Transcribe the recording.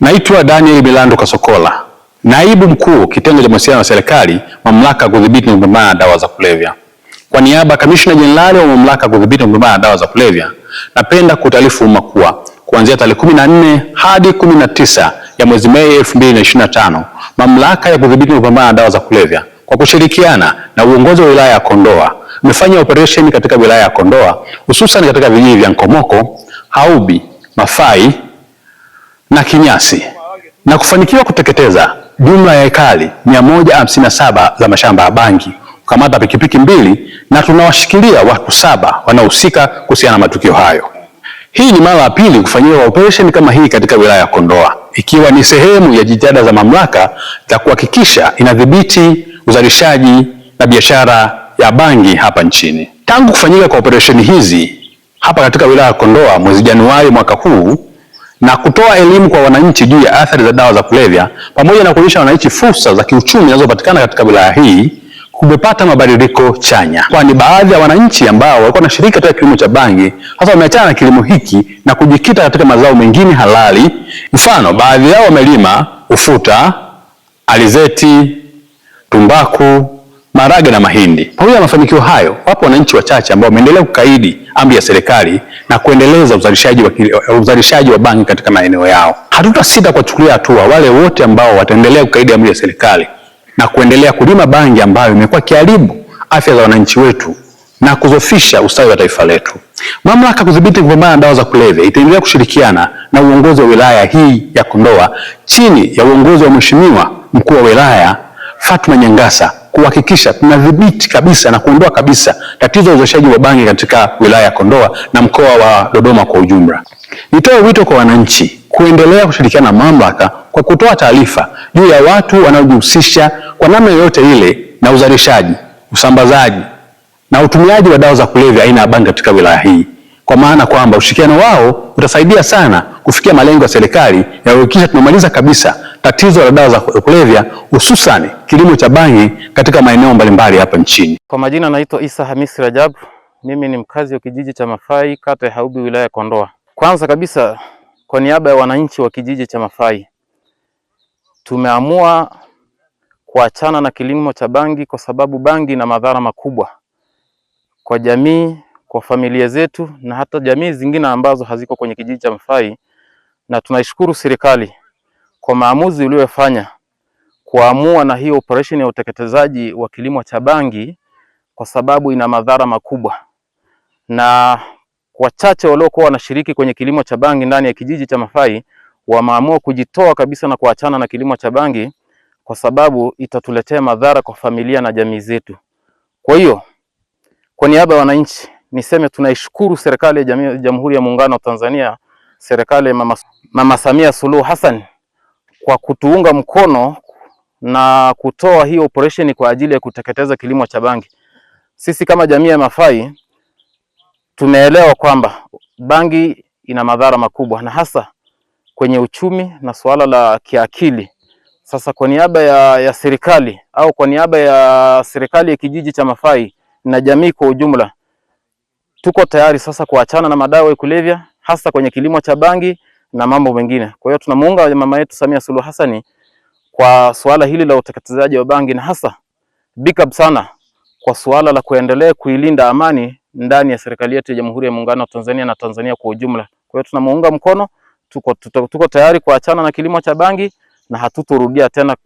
Naitwa Daniel Belando Kasokola, naibu mkuu kitengo cha mawasiliano na serikali, mamlaka ya kudhibiti na kupambana na dawa za kulevya. Kwa niaba ya kamishna jenerali wa mamlaka ya kudhibiti na kupambana na dawa za kulevya, napenda kutaarifu umma kuwa kuanzia tarehe 14 hadi 19 ya mwezi Mei 2025 mamlaka ya kudhibiti na kupambana na dawa za kulevya kwa kushirikiana na uongozi wa wilaya ya Kondoa imefanya operesheni katika wilaya ya Kondoa hususan katika vijiji vya Nkomoko, Haubi, Mafai na kinyasi na kufanikiwa kuteketeza jumla ya ekari 157 za mashamba ya bangi, kukamata pikipiki mbili na tunawashikilia watu saba wanaohusika kuhusiana na matukio hayo. Hii ni mara ya pili kufanyiwa operesheni kama hii katika wilaya ya Kondoa, ikiwa ni sehemu ya jitihada za mamlaka za kuhakikisha inadhibiti uzalishaji na biashara ya bangi hapa nchini. Tangu kufanyika kwa operesheni hizi hapa katika wilaya ya Kondoa mwezi Januari mwaka huu na kutoa elimu kwa wananchi juu ya athari za dawa za kulevya pamoja na kuonyesha wananchi fursa za kiuchumi zinazopatikana katika wilaya hii kumepata mabadiliko chanya, kwani baadhi ya wananchi ambao walikuwa wanashiriki katika kilimo cha bangi sasa wameachana na kilimo hiki na kujikita katika mazao mengine halali. Mfano, baadhi yao wamelima ufuta, alizeti, tumbaku maharage na mahindi. Pamoja na mafanikio hayo, wapo wananchi wachache ambao wameendelea kukaidi amri ya serikali na kuendeleza uzalishaji wa, eh, uzalishaji wa bangi katika maeneo yao. Hatutasita kuwachukulia hatua wale wote ambao wataendelea kukaidi amri ya serikali na kuendelea kulima bangi ambayo imekuwa kiharibu afya za wananchi wetu na kuzofisha ustawi wa taifa letu. Mamlaka kudhibiti kupambana na dawa za kulevya itaendelea kushirikiana na uongozi wa wilaya hii ya Kondoa chini ya uongozi wa Mheshimiwa mkuu wa wilaya Fatuma Nyangasa kuhakikisha tunadhibiti kabisa na kuondoa kabisa tatizo la uzalishaji wa bangi katika wilaya ya Kondoa na mkoa wa Dodoma kwa ujumla. Nitoe wito kwa wananchi kuendelea kushirikiana na mamlaka kwa kutoa taarifa juu ya watu wanaojihusisha kwa namna yoyote ile na uzalishaji, usambazaji na utumiaji wa dawa za kulevya aina ya bangi katika wilaya hii, kwa maana kwamba ushirikiano wao utasaidia sana kufikia malengo ya serikali ya kuhakikisha tunamaliza kabisa tatizo la dawa za kulevya hususani kilimo cha bangi katika maeneo mbalimbali hapa nchini. Kwa majina naitwa Isa Hamisi Rajabu, mimi ni mkazi wa kijiji cha Mafai, kata ya Haubi, wilaya ya Kondoa. Kwanza kabisa, kwa niaba ya wananchi wa kijiji cha Mafai, tumeamua kuachana na kilimo cha bangi kwa sababu bangi ina madhara makubwa kwa jamii, kwa familia zetu na hata jamii zingine ambazo haziko kwenye kijiji cha Mafai, na tunaishukuru serikali kwa maamuzi uliyofanya kuamua na hiyo operation ya uteketezaji wa kilimo cha bangi, kwa sababu ina madhara makubwa, na wachache waliokuwa wanashiriki kwenye kilimo cha bangi ndani ya kijiji cha Mafai wameamua kujitoa kabisa na kuachana na kilimo cha bangi kwa sababu itatuletea madhara kwa familia na jamii zetu. Kwa hiyo kwa niaba ya wananchi niseme tunaishukuru serikali ya Jamhuri ya Muungano wa Tanzania, serikali ya Mama, Mama Samia Suluhu Hassan kwa kutuunga mkono na kutoa hii operation kwa ajili ya kuteketeza kilimo cha bangi. Sisi kama jamii ya mafai tumeelewa kwamba bangi ina madhara makubwa na hasa kwenye uchumi na suala la kiakili. Sasa kwa niaba ya, ya serikali au kwa niaba ya serikali ya kijiji cha mafai na jamii kwa ujumla, tuko tayari sasa kuachana na madawa ya kulevya hasa kwenye kilimo cha bangi na mambo mengine. Kwa hiyo tunamuunga mama yetu Samia Suluhu Hassani kwa suala hili la uteketezaji wa bangi na hasa big up sana kwa suala la kuendelea kuilinda amani ndani ya serikali yetu ya Jamhuri ya Muungano wa Tanzania na Tanzania kwa ujumla. Kwa hiyo tunamuunga mkono, tuko, tuko, tuko tayari kuachana na kilimo cha bangi na hatutorudia tena.